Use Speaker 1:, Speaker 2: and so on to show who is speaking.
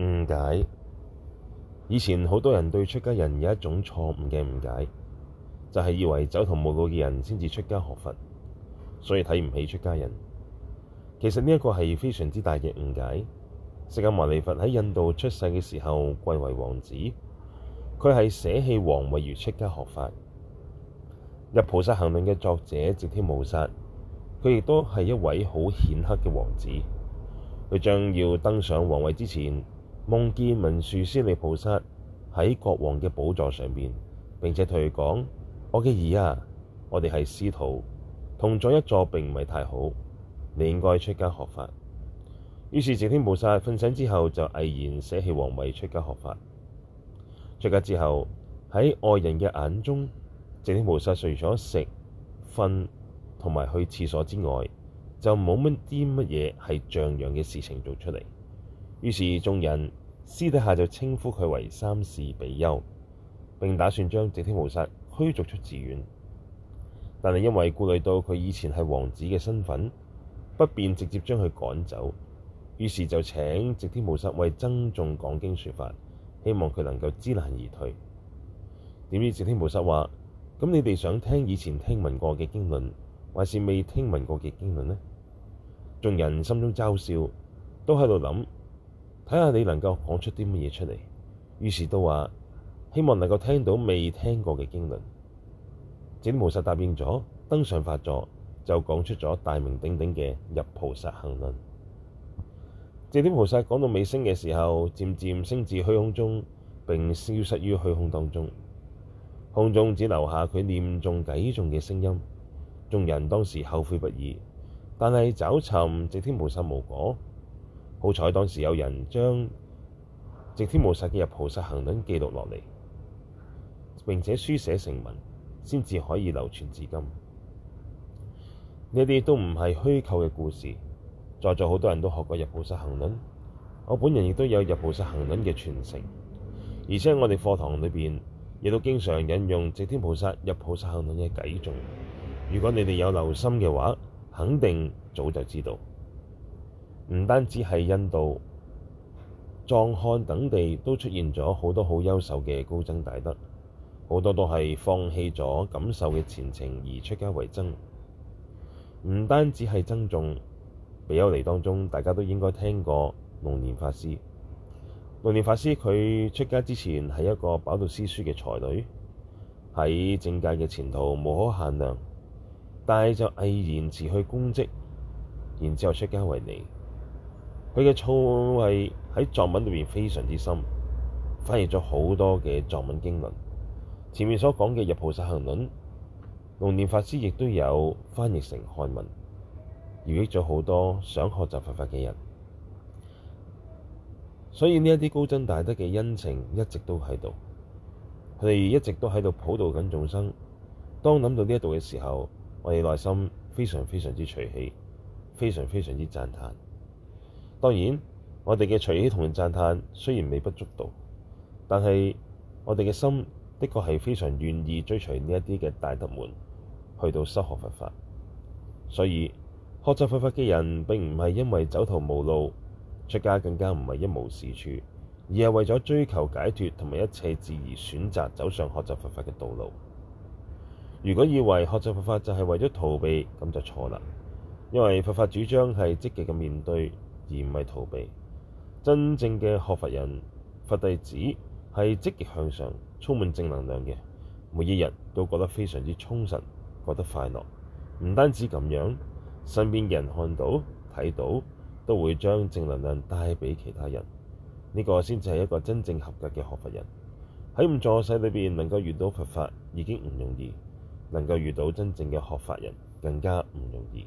Speaker 1: 誤解。以前好多人對出家人有一種錯誤嘅誤解，就係、是、以為走投無路嘅人先至出家學佛，所以睇唔起出家人。其實呢一個係非常之大嘅誤解。釋迦牟尼佛喺印度出世嘅時候，貴為王子，佢係捨棄王位而出家學法。《入菩薩行論》嘅作者寂天菩薩，佢亦都係一位好顯赫嘅王子。佢將要登上皇位之前。夢見文殊師利菩薩喺國王嘅寶座上面，並且同佢講：我嘅兒啊，我哋係師徒，同坐一座並唔係太好，你應該出家學法。於是寂天菩薩瞓醒之後就毅然捨棄王位出家學法。出家之後喺外人嘅眼中，寂天菩薩除咗食、瞓同埋去廁所之外，就冇乜啲乜嘢係像樣嘅事情做出嚟。於是眾人。私底下就稱呼佢為三事比丘，並打算將寂天菩薩驅逐出寺院。但係因為顧慮到佢以前係王子嘅身份，不便直接將佢趕走，於是就請寂天菩薩為僧眾講經說法，希望佢能夠知難而退。點知寂天菩薩話：「咁你哋想聽以前聽聞過嘅經論，還是未聽聞過嘅經論呢？」眾人心中嘲笑，都喺度諗。睇下你能夠講出啲乜嘢出嚟，於是都話希望能夠聽到未聽過嘅經論。寂天菩薩答應咗，登上法座就講出咗大名鼎鼎嘅《入菩薩行論》。寂天菩薩講到尾聲嘅時候，漸漸升至虛空中，並消失於虛空當中，空中只留下佢念誦偈頌嘅聲音。眾人當時後悔不已，但係找尋寂天菩薩無果。好彩當時有人將寂天菩薩嘅《入菩薩行論》記錄落嚟，並且書寫成文，先至可以流傳至今。呢啲都唔係虛構嘅故事。在座好多人都學過《入菩薩行論》，我本人亦都有《入菩薩行論》嘅傳承，而且我哋課堂裏邊亦都經常引用寂天菩薩《入菩薩行論》嘅偈頌。如果你哋有留心嘅話，肯定早就知道。唔單止係印度、藏漢等地都出現咗好多好優秀嘅高僧大德，好多都係放棄咗錦繡嘅前程而出家為僧。唔單止係僧眾，比丘尼當中，大家都應該聽過隆蓮法師。隆蓮法師佢出家之前係一個飽讀詩書嘅才女，喺政界嘅前途無可限量，但係就毅然辭去公職，然之後出家為尼。佢嘅造詣喺藏文裏面非常之深，翻譯咗好多嘅藏文經論，前面所講嘅《入菩薩行論》，隆蓮法師亦都有翻譯成漢文，利益咗好多想學習佛法嘅人。所以呢一啲高僧大德嘅恩情一直都喺度，佢哋一直都喺度普度緊眾生。當諗到呢一度嘅時候，我哋內心非常非常之隨喜，非常非常之讚歎。當然，我哋嘅隨喜同埋讚歎雖然微不足道，但係我哋嘅心的確係非常願意追隨呢一啲嘅大德們去到修學佛法。所以學習佛法嘅人並唔係因為走投無路出家，更加唔係一無是處，而係為咗追求解脫同埋一切智而選擇走上學習佛法嘅道路。如果以為學習佛法就係為咗逃避，咁就錯啦。因為佛法主張係積極嘅面對。而唔係逃避，真正嘅學佛人、佛弟子係積極向上、充滿正能量嘅，每一日都覺得非常之充實，覺得快樂。唔單止咁樣，身邊人看到、睇到，都會將正能量帶俾其他人。呢個先至係一個真正合格嘅學佛人。喺五濁惡世裏邊，能夠遇到佛法已經唔容易，能夠遇到真正嘅學法人更加唔容易。